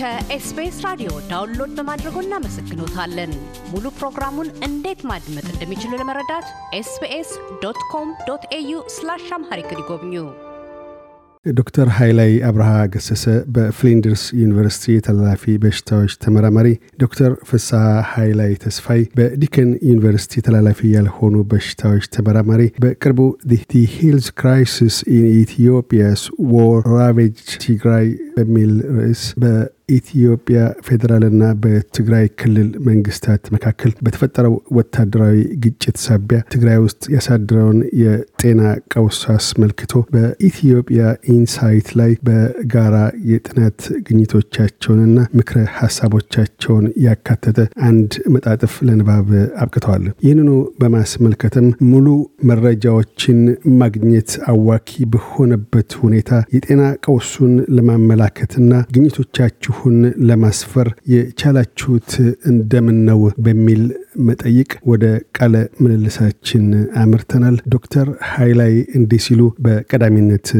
ከኤስቢኤስ ራዲዮ ዳውንሎድ በማድረጎ እናመሰግኖታለን። ሙሉ ፕሮግራሙን እንዴት ማድመጥ እንደሚችሉ ለመረዳት ኤስቢኤስ ዶት ኮም ዶት ኤዩ ስላሽ አምሃሪክ ይጎብኙ። ዶክተር ሀይላይ አብርሃ ገሰሰ በፍሊንደርስ ዩኒቨርሲቲ የተላላፊ በሽታዎች ተመራማሪ፣ ዶክተር ፍስሐ ሃይላይ ተስፋይ በዲከን ዩኒቨርሲቲ ተላላፊ ያልሆኑ በሽታዎች ተመራማሪ፣ በቅርቡ ዲ ሂልዝ ክራይሲስ ኢን ኢትዮጵያስ ዎር ራቬጅ ትግራይ በሚል ርዕስ በኢትዮጵያ ፌዴራልና በትግራይ ክልል መንግስታት መካከል በተፈጠረው ወታደራዊ ግጭት ሳቢያ ትግራይ ውስጥ ያሳድረውን የጤና ቀውስ አስመልክቶ በኢትዮጵያ ኢንሳይት ላይ በጋራ የጥናት ግኝቶቻቸውንና ምክረ ሀሳቦቻቸውን ያካተተ አንድ መጣጥፍ ለንባብ አብቅተዋል። ይህንኑ በማስመልከትም ሙሉ መረጃዎችን ማግኘት አዋኪ በሆነበት ሁኔታ የጤና ቀውሱን ለማመላከትና ግኝቶቻችሁ ሁን ለማስፈር የቻላችሁት እንደምን ነው በሚል መጠይቅ ወደ ቃለ ምልልሳችን አምርተናል። ዶክተር ሀይላይ እንዲህ ሲሉ በቀዳሚነት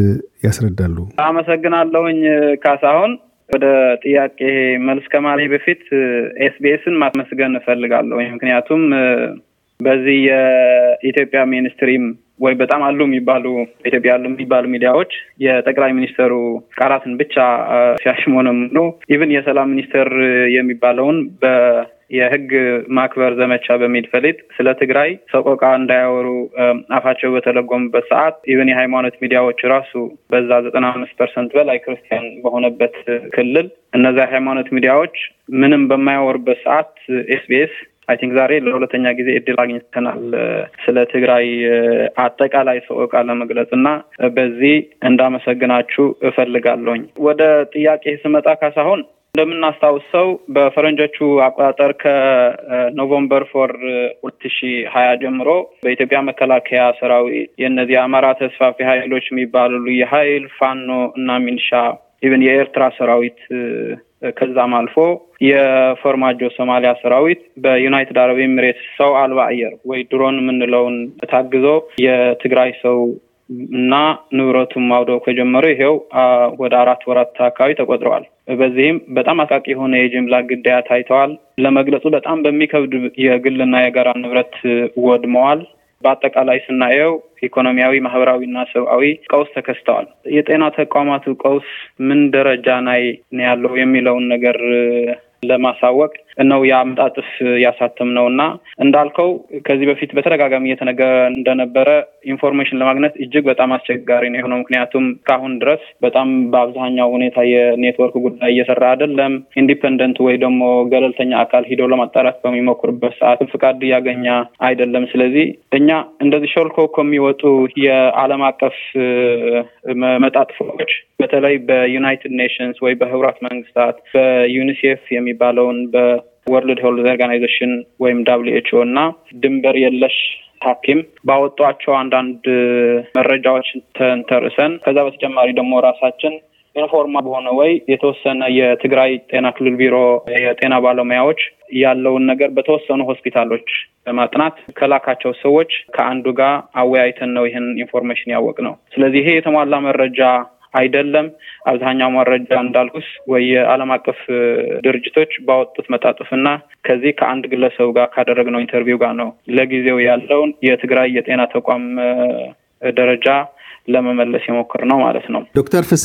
ያስረዳሉ። አመሰግናለሁኝ ካሳሁን። ወደ ጥያቄ መልስ ከማለ በፊት ኤስቢኤስን ማመስገን እፈልጋለሁ። ምክንያቱም በዚህ የኢትዮጵያ ሚኒስትሪም ወይ በጣም አሉ የሚባሉ ኢትዮጵያ አሉ የሚባሉ ሚዲያዎች የጠቅላይ ሚኒስትሩ ቃላትን ብቻ ሲያሽሞነሙኑ ኢቭን የሰላም ሚኒስተር የሚባለውን በ የህግ ማክበር ዘመቻ በሚል ፈሊጥ ስለ ትግራይ ሰቆቃ እንዳያወሩ አፋቸው በተለጎሙበት ሰዓት ኢቨን የሃይማኖት ሚዲያዎች ራሱ በዛ ዘጠና አምስት ፐርሰንት በላይ ክርስቲያን በሆነበት ክልል እነዚያ ሃይማኖት ሚዲያዎች ምንም በማያወሩበት ሰዓት ኤስቢኤስ አይ ቲንክ ዛሬ ለሁለተኛ ጊዜ እድል አግኝተናል ስለ ትግራይ አጠቃላይ ሰቆቃ ለመግለጽ እና በዚህ እንዳመሰግናችሁ እፈልጋለሁኝ። ወደ ጥያቄ ስመጣ ካሳሁን እንደምናስታውሰው በፈረንጆቹ አቆጣጠር ከኖቨምበር ፎር ሁለት ሺ ሀያ ጀምሮ በኢትዮጵያ መከላከያ ሰራዊት የእነዚህ አማራ ተስፋፊ ኃይሎች የሚባሉ ልዩ ኃይል ፋኖ እና ሚልሻ ኢቨን የኤርትራ ሰራዊት ከዛም አልፎ የፎርማጆ ሶማሊያ ሰራዊት በዩናይትድ አረብ ኤምሬት ሰው አልባ አየር ወይ ድሮን የምንለውን ታግዞ የትግራይ ሰው እና ንብረቱን ማውደው ከጀመሩ ይሄው ወደ አራት ወራት አካባቢ ተቆጥረዋል። በዚህም በጣም አቃቂ የሆነ የጅምላ ግዳያ ታይተዋል። ለመግለጹ በጣም በሚከብድ የግልና የጋራ ንብረት ወድመዋል። በአጠቃላይ ስናየው ኢኮኖሚያዊ፣ ማህበራዊ እና ሰብአዊ ቀውስ ተከስተዋል። የጤና ተቋማቱ ቀውስ ምን ደረጃ ላይ ነው ያለው የሚለውን ነገር ለማሳወቅ ነው የአመጣጥፍ ያሳተም ነው እና እንዳልከው ከዚህ በፊት በተደጋጋሚ እየተነገረ እንደነበረ ኢንፎርሜሽን ለማግኘት እጅግ በጣም አስቸጋሪ ነው የሆነው። ምክንያቱም ካሁን ድረስ በጣም በአብዛኛው ሁኔታ የኔትወርክ ጉዳይ እየሰራ አይደለም። ኢንዲፐንደንት ወይ ደግሞ ገለልተኛ አካል ሂዶ ለማጣራት በሚሞክርበት ሰዓት ፍቃድ እያገኘ አይደለም። ስለዚህ እኛ እንደዚህ ሾልኮ ከሚወጡ የዓለም አቀፍ መጣጥፎች በተለይ በዩናይትድ ኔሽንስ ወይ በህብራት መንግስታት በዩኒሴፍ የሚባለውን በወርልድ ሄልዝ ኦርጋናይዜሽን ወይም ዳብሊው ኤች ኦ እና ድንበር የለሽ ታፒም ባወጧቸው አንዳንድ መረጃዎች ተንተርሰን ከዛ በተጨማሪ ደግሞ ራሳችን ኢንፎርማ በሆነ ወይ የተወሰነ የትግራይ ጤና ክልል ቢሮ የጤና ባለሙያዎች ያለውን ነገር በተወሰኑ ሆስፒታሎች በማጥናት ከላካቸው ሰዎች ከአንዱ ጋር አወያይተን ነው ይህን ኢንፎርሜሽን ያወቅ ነው። ስለዚህ ይሄ የተሟላ መረጃ አይደለም። አብዛኛው መረጃ እንዳልኩስ ወይ የዓለም አቀፍ ድርጅቶች ባወጡት መጣጥፍና ከዚህ ከአንድ ግለሰብ ጋር ካደረግነው ኢንተርቪው ጋር ነው ለጊዜው ያለውን የትግራይ የጤና ተቋም ደረጃ ለመመለስ የሞክር ነው ማለት ነው። ዶክተር ፍሳ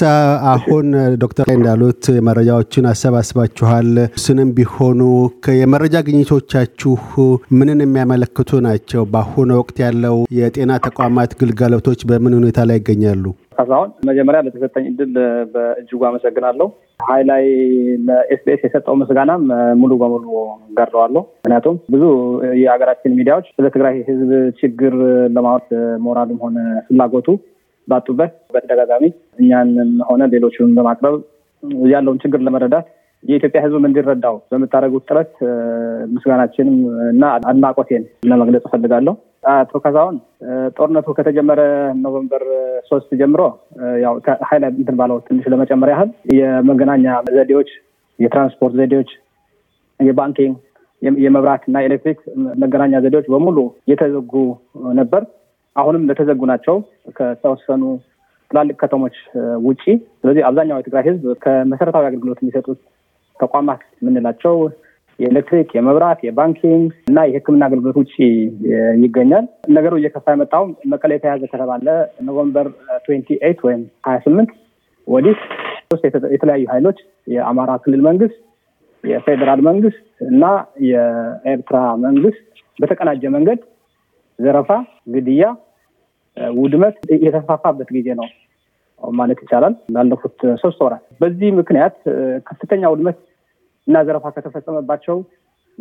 አሁን ዶክተር እንዳሉት መረጃዎችን አሰባስባችኋል። ስንም ቢሆኑ የመረጃ ግኝቶቻችሁ ምንን የሚያመለክቱ ናቸው? በአሁኑ ወቅት ያለው የጤና ተቋማት ግልጋሎቶች በምን ሁኔታ ላይ ይገኛሉ? ካሳሁን፣ መጀመሪያ ለተሰጠኝ እድል በእጅጉ አመሰግናለሁ። ሀይ ላይ ለኤስቢኤስ የሰጠው ምስጋናም ሙሉ በሙሉ ጋርደዋለሁ። ምክንያቱም ብዙ የሀገራችን ሚዲያዎች ስለ ትግራይ ሕዝብ ችግር ለማወቅ ሞራልም ሆነ ፍላጎቱ ባጡበት በተደጋጋሚ እኛንም ሆነ ሌሎችን በማቅረብ ያለውን ችግር ለመረዳት የኢትዮጵያ ህዝብም እንዲረዳው በምታደረጉት ጥረት ምስጋናችንም እና አድናቆቴን ለመግለጽ እፈልጋለሁ። አቶ ካሳሁን ጦርነቱ ከተጀመረ ኖቨምበር ሶስት ጀምሮ ያው ሀይላ እንትን ባለው ትንሽ ለመጨመር ያህል የመገናኛ ዘዴዎች፣ የትራንስፖርት ዘዴዎች፣ የባንኪንግ፣ የመብራት እና ኤሌክትሪክ መገናኛ ዘዴዎች በሙሉ የተዘጉ ነበር። አሁንም ለተዘጉ ናቸው ከተወሰኑ ትላልቅ ከተሞች ውጪ። ስለዚህ አብዛኛው የትግራይ ህዝብ ከመሰረታዊ አገልግሎት የሚሰጡት ተቋማት የምንላቸው የኤሌክትሪክ፣ የመብራት፣ የባንኪንግ እና የሕክምና አገልግሎት ውጭ ይገኛል። ነገሩ እየከፋ የመጣውም መቀሌ የተያዘ ከተባለ ኖቨምበር ትዌንቲ ኤይት ወይም ሀያ ስምንት ወዲህ የተለያዩ ኃይሎች የአማራ ክልል መንግስት፣ የፌዴራል መንግስት እና የኤርትራ መንግስት በተቀናጀ መንገድ ዘረፋ፣ ግድያ፣ ውድመት የተፋፋበት ጊዜ ነው ማለት ይቻላል ላለፉት ሶስት ወራት። በዚህ ምክንያት ከፍተኛ ውድመት እና ዘረፋ ከተፈጸመባቸው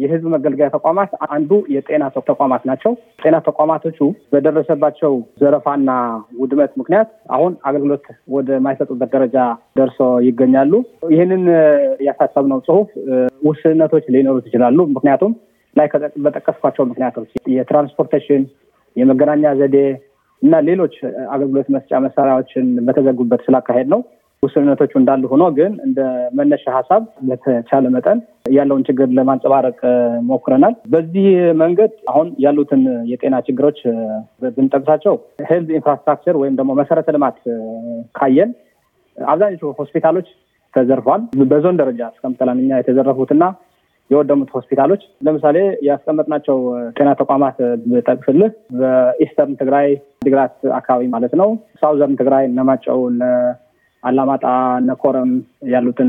የህዝብ መገልገያ ተቋማት አንዱ የጤና ተቋማት ናቸው። ጤና ተቋማቶቹ በደረሰባቸው ዘረፋና ውድመት ምክንያት አሁን አገልግሎት ወደማይሰጡበት ደረጃ ደርሶ ይገኛሉ። ይህንን ያሳሰብነው ጽሁፍ ውስንነቶች ሊኖሩት ይችላሉ። ምክንያቱም ላይ በጠቀስኳቸው ምክንያቶች የትራንስፖርቴሽን፣ የመገናኛ ዘዴ እና ሌሎች አገልግሎት መስጫ መሳሪያዎችን በተዘጉበት ስላካሄድ ነው። ውስንነቶቹ እንዳሉ ሆኖ ግን እንደ መነሻ ሀሳብ ለተቻለ መጠን ያለውን ችግር ለማንጸባረቅ ሞክረናል። በዚህ መንገድ አሁን ያሉትን የጤና ችግሮች ብንጠቅሳቸው ሄልዝ ኢንፍራስትራክቸር ወይም ደግሞ መሰረተ ልማት ካየን አብዛኞቹ ሆስፒታሎች ተዘርፏል። በዞን ደረጃ እስከምጠላንኛ የተዘረፉትና የወደሙት ሆስፒታሎች ለምሳሌ ያስቀመጥናቸው ጤና ተቋማት ብጠቅስልህ በኢስተርን ትግራይ፣ ዲግራት አካባቢ ማለት ነው፣ ሳውዘርን ትግራይ እነማጨው አላማጣ፣ ነኮረም ያሉትን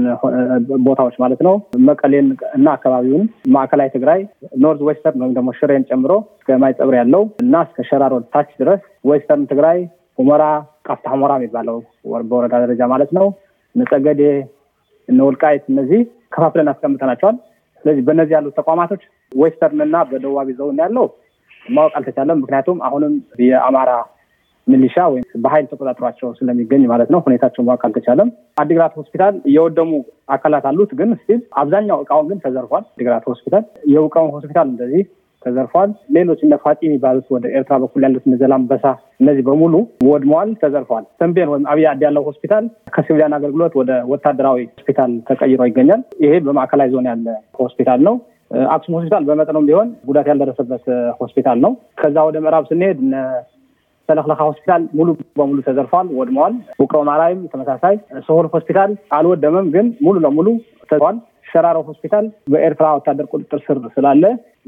ቦታዎች ማለት ነው። መቀሌን እና አካባቢውን፣ ማዕከላዊ ትግራይ፣ ኖርዝ ዌስተርን ወይም ደግሞ ሽሬን ጨምሮ እስከ ማይጸብር ያለው እና እስከ ሸራሮ ታች ድረስ ዌስተርን ትግራይ፣ ሁመራ፣ ቃፍታ ሁመራ የሚባለው በወረዳ ደረጃ ማለት ነው፣ ነጸገዴ፣ እነ ወልቃይት እነዚህ ከፋፍለን አስቀምጠናቸዋል። ስለዚህ በእነዚህ ያሉት ተቋማቶች ዌስተርን እና በደቡባዊ ዞን ያለው ማወቅ አልተቻለም። ምክንያቱም አሁንም የአማራ ሚሊሻ ወይም በሀይል ተቆጣጥሯቸው ስለሚገኝ ማለት ነው ሁኔታቸው ማወቅ አልተቻለም። አዲግራት ሆስፒታል የወደሙ አካላት አሉት፣ ግን ስቲል አብዛኛው እቃውን ግን ተዘርፏል። አዲግራት ሆስፒታል የውቃውን ሆስፒታል እንደዚህ ተዘርፏል። ሌሎች እነ ፋጢ የሚባሉት ወደ ኤርትራ በኩል ያሉት እነ ዘላንበሳ እነዚህ በሙሉ ወድመዋል፣ ተዘርፏል። ተንቤን ወይም አብይ አዲ ያለው ሆስፒታል ከሲቪሊያን አገልግሎት ወደ ወታደራዊ ሆስፒታል ተቀይሮ ይገኛል። ይሄ በማዕከላዊ ዞን ያለ ሆስፒታል ነው። አክሱም ሆስፒታል በመጠኑም ቢሆን ጉዳት ያልደረሰበት ሆስፒታል ነው። ከዛ ወደ ምዕራብ ስንሄድ ሰለክለካ ሆስፒታል ሙሉ በሙሉ ተዘርፏል፣ ወድመዋል። ውቅሮ ማርያም ተመሳሳይ፣ ሶሆር ሆስፒታል አልወደመም፣ ግን ሙሉ ለሙሉ ተዘርፏል። ሸራሮ ሆስፒታል በኤርትራ ወታደር ቁጥጥር ስር ስላለ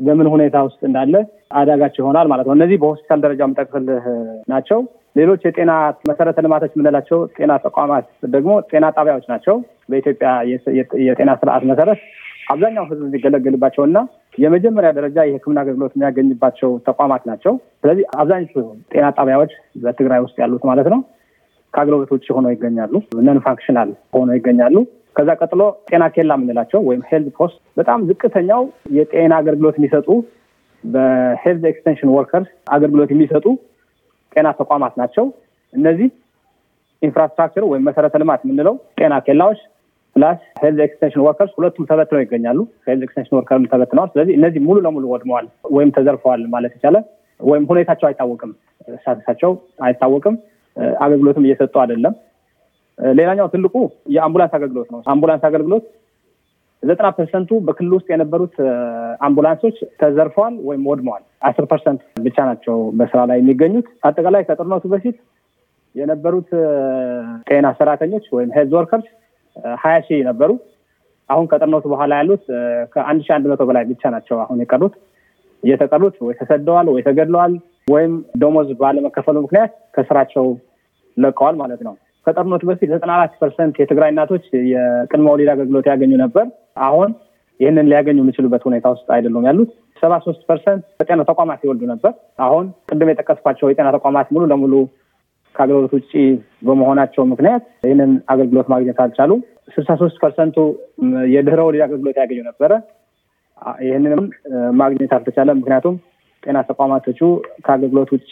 በምን ሁኔታ ውስጥ እንዳለ አዳጋች ይሆናል ማለት ነው። እነዚህ በሆስፒታል ደረጃ የምጠቅስልህ ናቸው። ሌሎች የጤና መሰረተ ልማቶች የምንላቸው ጤና ተቋማት ደግሞ ጤና ጣቢያዎች ናቸው። በኢትዮጵያ የጤና ስርዓት መሰረት አብዛኛው ህዝብ የሚገለገልባቸው እና የመጀመሪያ ደረጃ የህክምና አገልግሎት የሚያገኝባቸው ተቋማት ናቸው። ስለዚህ አብዛኞቹ ጤና ጣቢያዎች በትግራይ ውስጥ ያሉት ማለት ነው ከአገልግሎት ውጭ ሆነው ይገኛሉ። ነን ፋንክሽናል ሆነው ይገኛሉ። ከዛ ቀጥሎ ጤና ኬላ የምንላቸው ወይም ሄልዝ ፖስት በጣም ዝቅተኛው የጤና አገልግሎት የሚሰጡ በሄልዝ ኤክስቴንሽን ወርከርስ አገልግሎት የሚሰጡ ጤና ተቋማት ናቸው። እነዚህ ኢንፍራስትራክቸር ወይም መሰረተ ልማት የምንለው ጤና ኬላዎች ፕላስ ሄልዝ ኤክስቴንሽን ወርከርስ ሁለቱም ተበትነው ይገኛሉ። ሄልዝ ኤክስቴንሽን ወርከርም ተበትነዋል። ስለዚህ እነዚህ ሙሉ ለሙሉ ወድመዋል ወይም ተዘርፈዋል ማለት ይቻላል። ወይም ሁኔታቸው አይታወቅም፣ ሳትሳቸው አይታወቅም፣ አገልግሎትም እየሰጡ አይደለም። ሌላኛው ትልቁ የአምቡላንስ አገልግሎት ነው። አምቡላንስ አገልግሎት ዘጠና ፐርሰንቱ በክልል ውስጥ የነበሩት አምቡላንሶች ተዘርፈዋል ወይም ወድመዋል። አስር ፐርሰንት ብቻ ናቸው በስራ ላይ የሚገኙት። አጠቃላይ ከጦርነቱ በፊት የነበሩት ጤና ሰራተኞች ወይም ሄልዝ ወርከርስ ሀያ ሺህ ነበሩ። አሁን ከጥርነቱ በኋላ ያሉት ከአንድ ሺህ አንድ መቶ በላይ ብቻ ናቸው። አሁን የቀሩት እየተቀሩት ወይ ተሰደዋል ወይ ተገድለዋል ወይም ደሞዝ ባለመከፈሉ ምክንያት ከስራቸው ለቀዋል ማለት ነው። ከጦርነቱ በፊት ዘጠና አራት ፐርሰንት የትግራይ እናቶች የቅድመ ወሊድ አገልግሎት ያገኙ ነበር። አሁን ይህንን ሊያገኙ የሚችሉበት ሁኔታ ውስጥ አይደሉም ያሉት። ሰባ ሶስት ፐርሰንት በጤና ተቋማት ይወልዱ ነበር። አሁን ቅድም የጠቀስኳቸው የጤና ተቋማት ሙሉ ለሙሉ ከአገልግሎት ውጭ በመሆናቸው ምክንያት ይህንን አገልግሎት ማግኘት አልቻሉ። ስልሳ ሶስት ፐርሰንቱ የድህረ ወሊድ አገልግሎት ያገኙ ነበረ። ይህንንም ማግኘት አልተቻለም። ምክንያቱም ጤና ተቋማቶቹ ከአገልግሎት ውጭ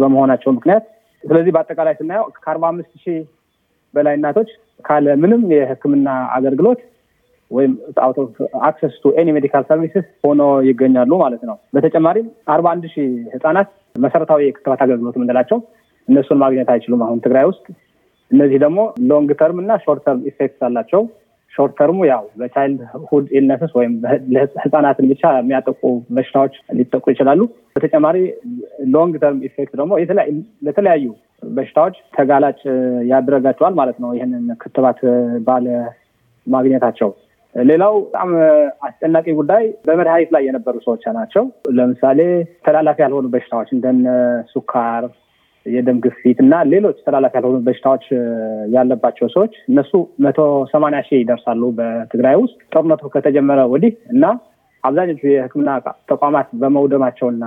በመሆናቸው ምክንያት ስለዚህ በአጠቃላይ ስናየው ከአርባ አምስት ሺህ በላይ እናቶች ካለ ምንም የሕክምና አገልግሎት ወይም አውት ኦፍ አክሰስ ቱ ኤኒ ሜዲካል ሰርቪስስ ሆኖ ይገኛሉ ማለት ነው። በተጨማሪም አርባ አንድ ሺህ ህጻናት መሰረታዊ የክትባት አገልግሎት የምንላቸው እነሱን ማግኘት አይችሉም አሁን ትግራይ ውስጥ። እነዚህ ደግሞ ሎንግ ተርም እና ሾርት ተርም ኢፌክትስ አላቸው። ሾርት ተርሙ ያው በቻይልድ ሁድ ኢልነስስ ወይም ህፃናትን ብቻ የሚያጠቁ በሽታዎች ሊጠቁ ይችላሉ። በተጨማሪ ሎንግ ተርም ኢፌክት ደግሞ ለተለያዩ በሽታዎች ተጋላጭ ያደረጋቸዋል ማለት ነው። ይህንን ክትባት ባለ ማግኘታቸው ሌላው በጣም አስጨናቂ ጉዳይ በመድኃኒት ላይ የነበሩ ሰዎች ናቸው። ለምሳሌ ተላላፊ ያልሆኑ በሽታዎች እንደነ ሱካር፣ የደም ግፊት እና ሌሎች ተላላፊ ያልሆኑ በሽታዎች ያለባቸው ሰዎች እነሱ መቶ ሰማኒያ ሺህ ይደርሳሉ በትግራይ ውስጥ ጦርነቱ ከተጀመረ ወዲህ እና አብዛኞቹ የሕክምና ተቋማት በመውደማቸውና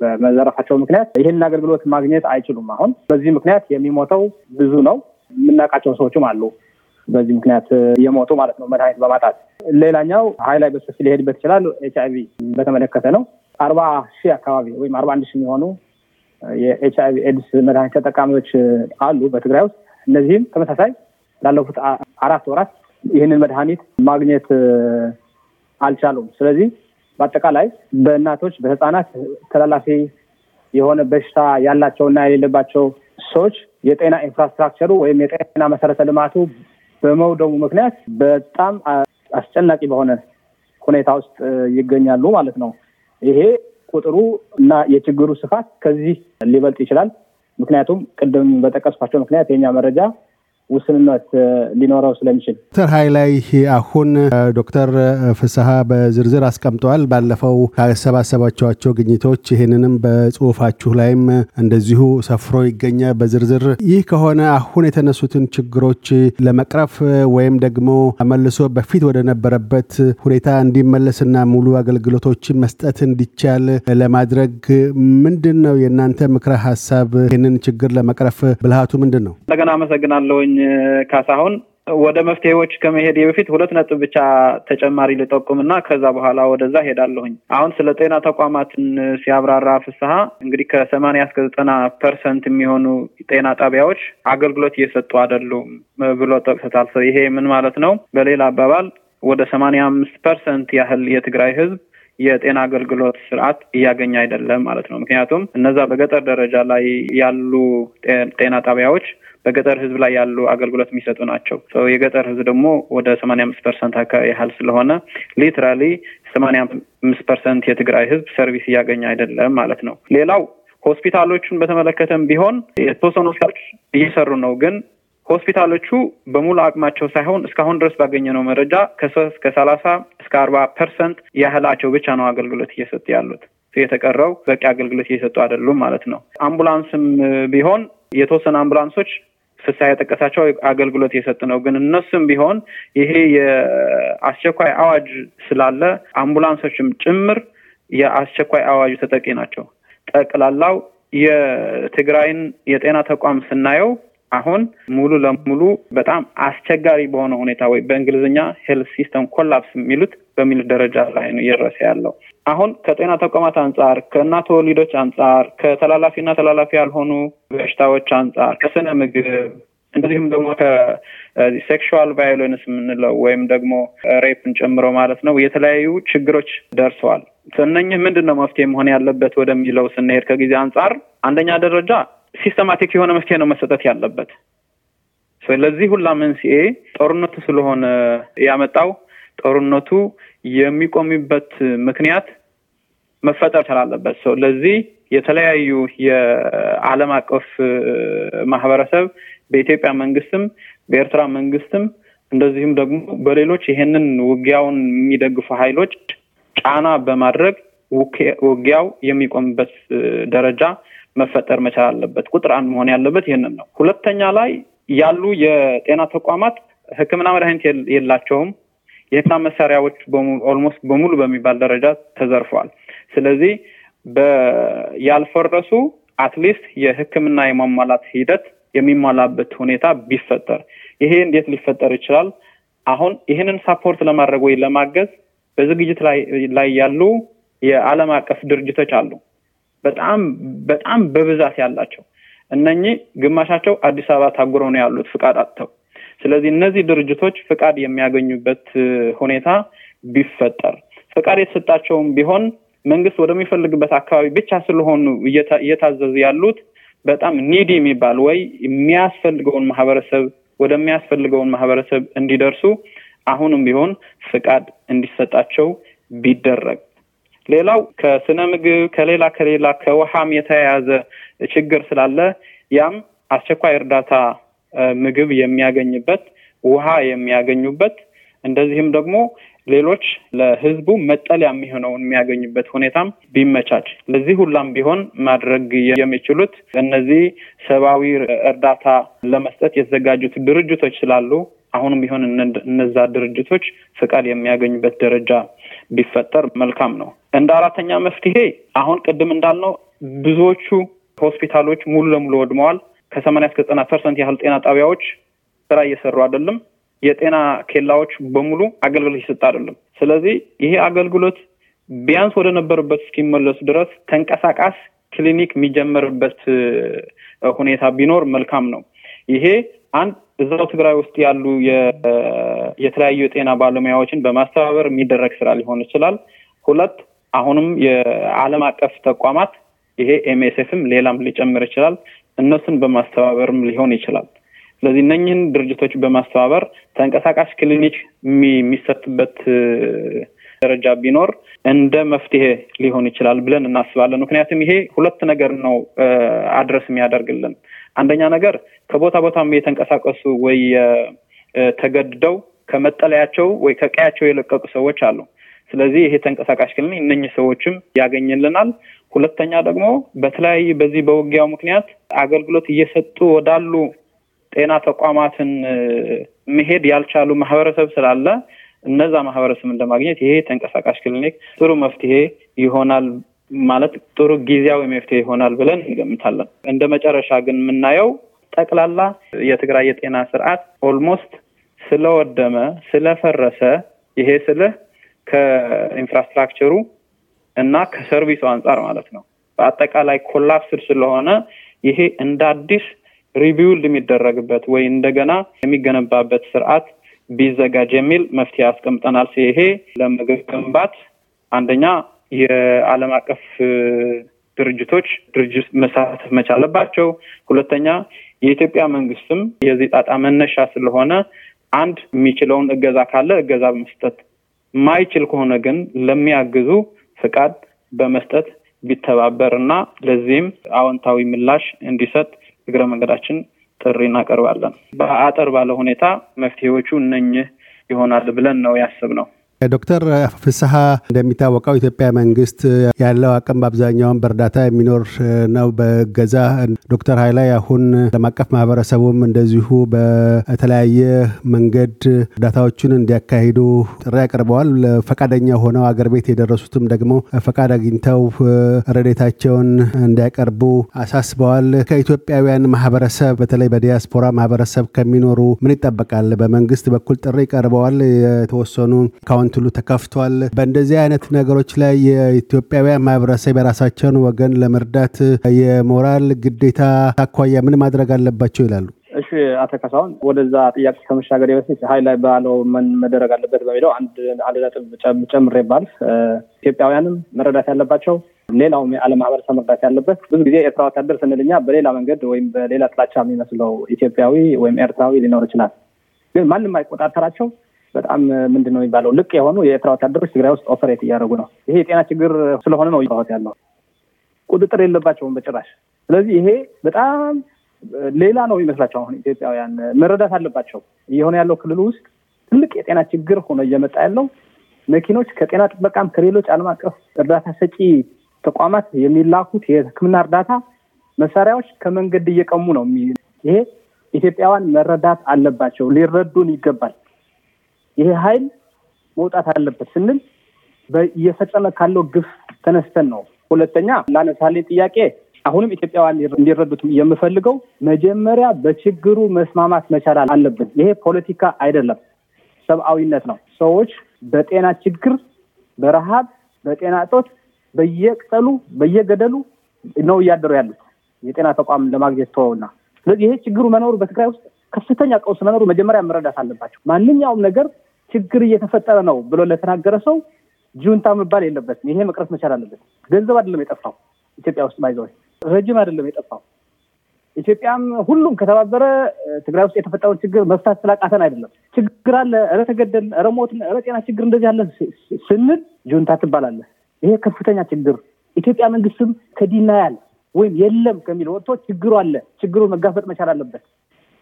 በመዘረፋቸው ምክንያት ይህንን አገልግሎት ማግኘት አይችሉም። አሁን በዚህ ምክንያት የሚሞተው ብዙ ነው። የምናውቃቸው ሰዎችም አሉ በዚህ ምክንያት የሞቱ ማለት ነው፣ መድኃኒት በማጣት። ሌላኛው ሀይ ላይ በሰፊ ሊሄድበት ይችላል። ኤች አይ ቪ በተመለከተ ነው። አርባ ሺህ አካባቢ ወይም አርባ አንድ ሺህ የሚሆኑ የኤች አይቪ ኤድስ መድኃኒት ተጠቃሚዎች አሉ በትግራይ ውስጥ። እነዚህም ተመሳሳይ ላለፉት አራት ወራት ይህንን መድኃኒት ማግኘት አልቻሉም። ስለዚህ በአጠቃላይ በእናቶች በህፃናት ተላላፊ የሆነ በሽታ ያላቸውና የሌለባቸው ሰዎች የጤና ኢንፍራስትራክቸሩ ወይም የጤና መሰረተ ልማቱ በመውደሙ ምክንያት በጣም አስጨናቂ በሆነ ሁኔታ ውስጥ ይገኛሉ ማለት ነው። ይሄ ቁጥሩ እና የችግሩ ስፋት ከዚህ ሊበልጥ ይችላል። ምክንያቱም ቅድም በጠቀስኳቸው ምክንያት የኛ መረጃ ውስንነት ሊኖረው ስለሚችል ዶክተር ሀይ ላይ አሁን ዶክተር ፍስሀ በዝርዝር አስቀምጠዋል። ባለፈው ያሰባሰባቸዋቸው ግኝቶች ይህንንም በጽሁፋችሁ ላይም እንደዚሁ ሰፍሮ ይገኛል በዝርዝር። ይህ ከሆነ አሁን የተነሱትን ችግሮች ለመቅረፍ ወይም ደግሞ መልሶ በፊት ወደነበረበት ሁኔታ እንዲመለስና ሙሉ አገልግሎቶችን መስጠት እንዲቻል ለማድረግ ምንድን ነው የእናንተ ምክረ ሀሳብ? ይህንን ችግር ለመቅረፍ ብልሃቱ ምንድን ነው? እንደገና አመሰግናለሁኝ። ካሳሁን ወደ መፍትሄዎች ከመሄድ በፊት ሁለት ነጥብ ብቻ ተጨማሪ ልጠቁምና ከዛ በኋላ ወደዛ ሄዳለሁኝ። አሁን ስለ ጤና ተቋማትን ሲያብራራ ፍስሀ እንግዲህ ከሰማንያ እስከ ዘጠና ፐርሰንት የሚሆኑ ጤና ጣቢያዎች አገልግሎት እየሰጡ አይደሉም ብሎ ጠቅሰታል። ይሄ ምን ማለት ነው? በሌላ አባባል ወደ ሰማንያ አምስት ፐርሰንት ያህል የትግራይ ህዝብ የጤና አገልግሎት ስርዓት እያገኘ አይደለም ማለት ነው። ምክንያቱም እነዛ በገጠር ደረጃ ላይ ያሉ ጤና ጣቢያዎች በገጠር ህዝብ ላይ ያሉ አገልግሎት የሚሰጡ ናቸው። የገጠር ህዝብ ደግሞ ወደ ሰማንያ አምስት ፐርሰንት አካባቢ ያህል ስለሆነ ሊትራሊ ሰማንያ አምስት ፐርሰንት የትግራይ ህዝብ ሰርቪስ እያገኘ አይደለም ማለት ነው። ሌላው ሆስፒታሎቹን በተመለከተም ቢሆን የተወሰኑ ሰዎች እየሰሩ ነው ግን ሆስፒታሎቹ በሙሉ አቅማቸው ሳይሆን እስካሁን ድረስ ባገኘነው መረጃ ከሶስት ከሰላሳ እስከ አርባ ፐርሰንት ያህላቸው ብቻ ነው አገልግሎት እየሰጡ ያሉት። የተቀረው በቂ አገልግሎት እየሰጡ አይደሉም ማለት ነው። አምቡላንስም ቢሆን የተወሰነ አምቡላንሶች ፍሳ የጠቀሳቸው አገልግሎት የሰጥ ነው። ግን እነሱም ቢሆን ይሄ የአስቸኳይ አዋጅ ስላለ አምቡላንሶችም ጭምር የአስቸኳይ አዋጁ ተጠቂ ናቸው። ጠቅላላው የትግራይን የጤና ተቋም ስናየው አሁን ሙሉ ለሙሉ በጣም አስቸጋሪ በሆነ ሁኔታ ወይ በእንግሊዝኛ ሄልት ሲስተም ኮላፕስ የሚሉት በሚል ደረጃ ላይ ነው እየደረሰ ያለው። አሁን ከጤና ተቋማት አንጻር፣ ከእናት ወሊዶች አንጻር፣ ከተላላፊና ተላላፊ ያልሆኑ በሽታዎች አንጻር፣ ከስነ ምግብ እንደዚሁም ደግሞ ከሴክሹዋል ቫዮለንስ የምንለው ወይም ደግሞ ሬፕን ጨምሮ ማለት ነው የተለያዩ ችግሮች ደርሰዋል። እነኝህ ምንድን ነው መፍትሄ መሆን ያለበት ወደሚለው ስንሄድ ከጊዜ አንጻር አንደኛ ደረጃ ሲስተማቲክ የሆነ መፍትሄ ነው መሰጠት ያለበት። ለዚህ ሁላ መንስኤ ጦርነቱ ስለሆነ ያመጣው ጦርነቱ የሚቆሚበት ምክንያት መፈጠር ስላለበት ሰው ለዚህ የተለያዩ የዓለም አቀፍ ማህበረሰብ በኢትዮጵያ መንግስትም በኤርትራ መንግስትም እንደዚሁም ደግሞ በሌሎች ይሄንን ውጊያውን የሚደግፉ ሀይሎች ጫና በማድረግ ውጊያው የሚቆምበት ደረጃ መፈጠር መቻል አለበት። ቁጥር አንድ መሆን ያለበት ይህንን ነው። ሁለተኛ ላይ ያሉ የጤና ተቋማት ሕክምና መድኃኒት የላቸውም። የሕክምና መሳሪያዎች ኦልሞስት በሙሉ በሚባል ደረጃ ተዘርፈዋል። ስለዚህ ያልፈረሱ አትሊስት የሕክምና የማሟላት ሂደት የሚሟላበት ሁኔታ ቢፈጠር ይሄ እንዴት ሊፈጠር ይችላል? አሁን ይህንን ሳፖርት ለማድረግ ወይ ለማገዝ በዝግጅት ላይ ያሉ የዓለም አቀፍ ድርጅቶች አሉ። በጣም በጣም በብዛት ያላቸው እነኚህ ግማሻቸው አዲስ አበባ ታጉረው ነው ያሉት ፍቃድ አጥተው። ስለዚህ እነዚህ ድርጅቶች ፍቃድ የሚያገኙበት ሁኔታ ቢፈጠር ፍቃድ የተሰጣቸውም ቢሆን መንግስት ወደሚፈልግበት አካባቢ ብቻ ስለሆኑ እየታዘዙ ያሉት በጣም ኒዲ የሚባል ወይ የሚያስፈልገውን ማህበረሰብ ወደሚያስፈልገውን ማህበረሰብ እንዲደርሱ አሁንም ቢሆን ፍቃድ እንዲሰጣቸው ቢደረግ ሌላው ከስነ ምግብ ከሌላ ከሌላ ከውሃም የተያያዘ ችግር ስላለ ያም አስቸኳይ እርዳታ ምግብ የሚያገኝበት ውሃ የሚያገኙበት እንደዚህም ደግሞ ሌሎች ለህዝቡ መጠለያ የሚሆነውን የሚያገኙበት ሁኔታም ቢመቻች ለዚህ ሁላም ቢሆን ማድረግ የሚችሉት እነዚህ ሰብአዊ እርዳታ ለመስጠት የተዘጋጁት ድርጅቶች ስላሉ አሁንም ቢሆን እነዛ ድርጅቶች ፍቃድ የሚያገኙበት ደረጃ ቢፈጠር መልካም ነው። እንደ አራተኛ መፍትሄ አሁን ቅድም እንዳልነው ብዙዎቹ ሆስፒታሎች ሙሉ ለሙሉ ወድመዋል። ከሰማንያ እስከ ዘጠና ፐርሰንት ያህል ጤና ጣቢያዎች ስራ እየሰሩ አይደለም። የጤና ኬላዎች በሙሉ አገልግሎት ይሰጥ አይደለም። ስለዚህ ይሄ አገልግሎት ቢያንስ ወደ ነበርበት እስኪመለሱ ድረስ ተንቀሳቃስ ክሊኒክ የሚጀመርበት ሁኔታ ቢኖር መልካም ነው። ይሄ አንድ እዛው ትግራይ ውስጥ ያሉ የተለያዩ የጤና ባለሙያዎችን በማስተባበር የሚደረግ ስራ ሊሆን ይችላል። ሁለት አሁንም የዓለም አቀፍ ተቋማት ይሄ ኤምኤስኤፍም ሌላም ሊጨምር ይችላል። እነሱን በማስተባበርም ሊሆን ይችላል። ስለዚህ እነኝህን ድርጅቶች በማስተባበር ተንቀሳቃሽ ክሊኒክ የሚሰጥበት ደረጃ ቢኖር እንደ መፍትሄ ሊሆን ይችላል ብለን እናስባለን። ምክንያቱም ይሄ ሁለት ነገር ነው አድረስ የሚያደርግልን አንደኛ ነገር ከቦታ ቦታም የተንቀሳቀሱ ወይ ተገድደው ከመጠለያቸው ወይ ከቀያቸው የለቀቁ ሰዎች አሉ። ስለዚህ ይሄ ተንቀሳቃሽ ክልል እነኝህ ሰዎችም ያገኝልናል። ሁለተኛ ደግሞ በተለያዩ በዚህ በውጊያው ምክንያት አገልግሎት እየሰጡ ወዳሉ ጤና ተቋማትን መሄድ ያልቻሉ ማህበረሰብ ስላለ እነዛ ማህበረሰብን ለማግኘት ይሄ ተንቀሳቃሽ ክሊኒክ ጥሩ መፍትሄ ይሆናል ማለት ጥሩ ጊዜያዊ መፍትሄ ይሆናል ብለን እንገምታለን። እንደ መጨረሻ ግን የምናየው ጠቅላላ የትግራይ የጤና ስርዓት ኦልሞስት ስለወደመ ስለፈረሰ፣ ይሄ ስልህ ከኢንፍራስትራክቸሩ እና ከሰርቪሱ አንጻር ማለት ነው። በአጠቃላይ ኮላፕስድ ስለሆነ ይሄ እንደ አዲስ ሪቪውልድ የሚደረግበት ወይ እንደገና የሚገነባበት ስርዓት ቢዘጋጅ የሚል መፍትሄ አስቀምጠናል። ይሄ ግንባት አንደኛ የዓለም አቀፍ ድርጅቶች ድርጅት መሳተፍ መቻለባቸው፣ ሁለተኛ የኢትዮጵያ መንግስትም የዚህ ጣጣ መነሻ ስለሆነ አንድ የሚችለውን እገዛ ካለ እገዛ በመስጠት ማይችል ከሆነ ግን ለሚያግዙ ፍቃድ በመስጠት ቢተባበር እና ለዚህም አዎንታዊ ምላሽ እንዲሰጥ እግረ መንገዳችን ጥሪ እናቀርባለን። በአጠር ባለ ሁኔታ መፍትሄዎቹ እነኝህ ይሆናል ብለን ነው ያስብ ነው። ዶክተር ፍስሀ እንደሚታወቀው ኢትዮጵያ መንግስት ያለው አቅም በአብዛኛውን በእርዳታ የሚኖር ነው፣ በገዛ ዶክተር ሀይላይ አሁን ዓለም አቀፍ ማህበረሰቡም እንደዚሁ በተለያየ መንገድ እርዳታዎቹን እንዲያካሂዱ ጥሪ አቅርበዋል። ፈቃደኛ ሆነው አገር ቤት የደረሱትም ደግሞ ፈቃድ አግኝተው ረዴታቸውን እንዲያቀርቡ አሳስበዋል። ከኢትዮጵያውያን ማህበረሰብ በተለይ በዲያስፖራ ማህበረሰብ ከሚኖሩ ምን ይጠበቃል? በመንግስት በኩል ጥሪ ቀርበዋል። የተወሰኑ ሬስቶራንት ትሉ ተከፍቷል። በእንደዚህ አይነት ነገሮች ላይ የኢትዮጵያውያን ማህበረሰብ የራሳቸውን ወገን ለመርዳት የሞራል ግዴታ አኳያ ምን ማድረግ አለባቸው ይላሉ? እሺ አቶ ካሳሁን፣ ወደዛ ጥያቄ ከመሻገር በፊት ሀይ ላይ ባለው ምን መደረግ አለበት በሚለው አንድ አንድ ነጥብ ጨምሬ ባል ኢትዮጵያውያንም መረዳት ያለባቸው ሌላውም የዓለም ማህበረሰብ መርዳት ያለበት ብዙ ጊዜ ኤርትራ ወታደር ስንልኛ በሌላ መንገድ ወይም በሌላ ጥላቻ የሚመስለው ኢትዮጵያዊ ወይም ኤርትራዊ ሊኖር ይችላል። ግን ማንም አይቆጣጠራቸው በጣም ምንድን ነው የሚባለው ልቅ የሆኑ የኤርትራ ወታደሮች ትግራይ ውስጥ ኦፐሬት እያደረጉ ነው። ይሄ የጤና ችግር ስለሆነ ነው ይወት ያለው ቁጥጥር የለባቸውም በጭራሽ። ስለዚህ ይሄ በጣም ሌላ ነው የሚመስላቸው። አሁን ኢትዮጵያውያን መረዳት አለባቸው። እየሆነ ያለው ክልል ውስጥ ትልቅ የጤና ችግር ሆኖ እየመጣ ያለው መኪኖች ከጤና ጥበቃም ከሌሎች ዓለም አቀፍ እርዳታ ሰጪ ተቋማት የሚላኩት የሕክምና እርዳታ መሳሪያዎች ከመንገድ እየቀሙ ነው። ይሄ ኢትዮጵያውያን መረዳት አለባቸው፣ ሊረዱን ይገባል። ይሄ ሀይል መውጣት አለበት ስንል እየፈጸመ ካለው ግፍ ተነስተን ነው። ሁለተኛ ላነሳሌ ጥያቄ አሁንም ኢትዮጵያውያን እንዲረዱት የምፈልገው መጀመሪያ በችግሩ መስማማት መቻል አለብን። ይሄ ፖለቲካ አይደለም፣ ሰብአዊነት ነው። ሰዎች በጤና ችግር፣ በረሃብ፣ በጤና እጦት በየቅጠሉ በየገደሉ ነው እያደሩ ያሉት የጤና ተቋም ለማግኘት ተወውና። ስለዚህ ይሄ ችግሩ መኖሩ በትግራይ ውስጥ ከፍተኛ ቀውስ መኖሩ መጀመሪያ መረዳት አለባቸው። ማንኛውም ነገር ችግር እየተፈጠረ ነው ብሎ ለተናገረ ሰው ጁንታ መባል የለበትም። ይሄ መቅረት መቻል አለበት። ገንዘብ አይደለም የጠፋው ኢትዮጵያ ውስጥ ባይዘዎች ረጅም አይደለም የጠፋው። ኢትዮጵያም ሁሉም ከተባበረ ትግራይ ውስጥ የተፈጠረውን ችግር መፍታት ስላቃተን አይደለም። ችግር አለ፣ ኧረ ተገደልን፣ ረጤና ጤና ችግር እንደዚህ አለ ስንል ጁንታ ትባላለህ። ይሄ ከፍተኛ ችግር ኢትዮጵያ መንግስትም ከዲና ያል ወይም የለም ከሚል ወጥቶ ችግሩ አለ፣ ችግሩን መጋፈጥ መቻል አለበት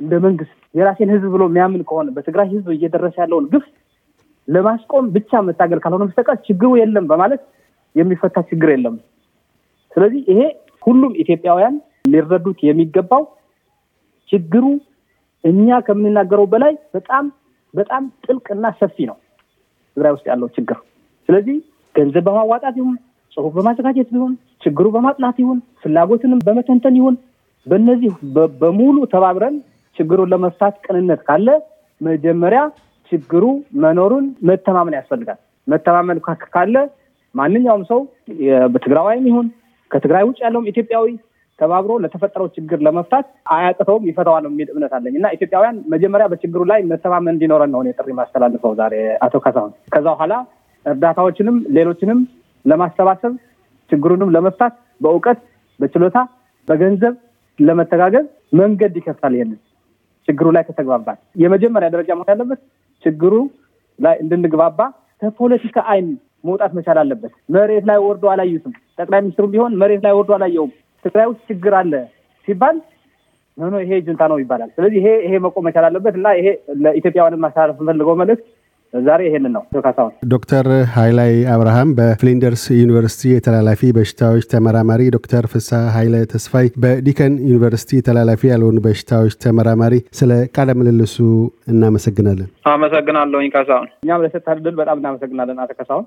እንደ መንግስት የራሴን ህዝብ ብሎ የሚያምን ከሆነ በትግራይ ህዝብ እየደረሰ ያለውን ግፍ ለማስቆም ብቻ መታገል ካልሆነ በስተቀር ችግሩ የለም በማለት የሚፈታ ችግር የለም። ስለዚህ ይሄ ሁሉም ኢትዮጵያውያን ሊረዱት የሚገባው ችግሩ እኛ ከምንናገረው በላይ በጣም በጣም ጥልቅና ሰፊ ነው ትግራይ ውስጥ ያለው ችግር። ስለዚህ ገንዘብ በማዋጣት ይሁን ጽሁፍ በማዘጋጀት ይሁን ችግሩ በማጥናት ይሁን ፍላጎትንም በመተንተን ይሁን በእነዚህ በሙሉ ተባብረን ችግሩን ለመፍታት ቅንነት ካለ መጀመሪያ ችግሩ መኖሩን መተማመን ያስፈልጋል። መተማመን ካለ ማንኛውም ሰው በትግራዋይም ይሁን ከትግራይ ውጭ ያለውም ኢትዮጵያዊ ተባብሮ ለተፈጠረው ችግር ለመፍታት አያቅተውም፣ ይፈታዋል የሚል እምነት አለኝ እና ኢትዮጵያውያን መጀመሪያ በችግሩ ላይ መተማመን እንዲኖረን ነው ጥሪ ማስተላልፈው ዛሬ አቶ ካሳሁን። ከዛ በኋላ እርዳታዎችንም ሌሎችንም ለማሰባሰብ ችግሩንም ለመፍታት በእውቀት በችሎታ በገንዘብ ለመተጋገዝ መንገድ ይከፍታል ይሄንን ችግሩ ላይ ከተግባባል። የመጀመሪያ ደረጃ መሆን ያለበት ችግሩ ላይ እንድንግባባ ከፖለቲካ አይን መውጣት መቻል አለበት። መሬት ላይ ወርዶ አላዩትም። ጠቅላይ ሚኒስትሩ ቢሆን መሬት ላይ ወርዶ አላየውም። ትግራይ ውስጥ ችግር አለ ሲባል ኖ ይሄ ጁንታ ነው ይባላል። ስለዚህ ይሄ ይሄ መቆም መቻል አለበት እና ይሄ ለኢትዮጵያውያንም ማስተላለፍ የምፈልገው መልእክት ዛሬ ይሄንን ነው ካሳሁን። ዶክተር ሀይላይ አብርሃም በፍሊንደርስ ዩኒቨርሲቲ የተላላፊ በሽታዎች ተመራማሪ፣ ዶክተር ፍሳ ሀይለ ተስፋይ በዲከን ዩኒቨርሲቲ ተላላፊ ያልሆኑ በሽታዎች ተመራማሪ፣ ስለ ቃለ ምልልሱ እናመሰግናለን። አመሰግናለሁኝ ካሳሁን። እኛም ለሰጥ እድል በጣም እናመሰግናለን አቶ ካሳሁን።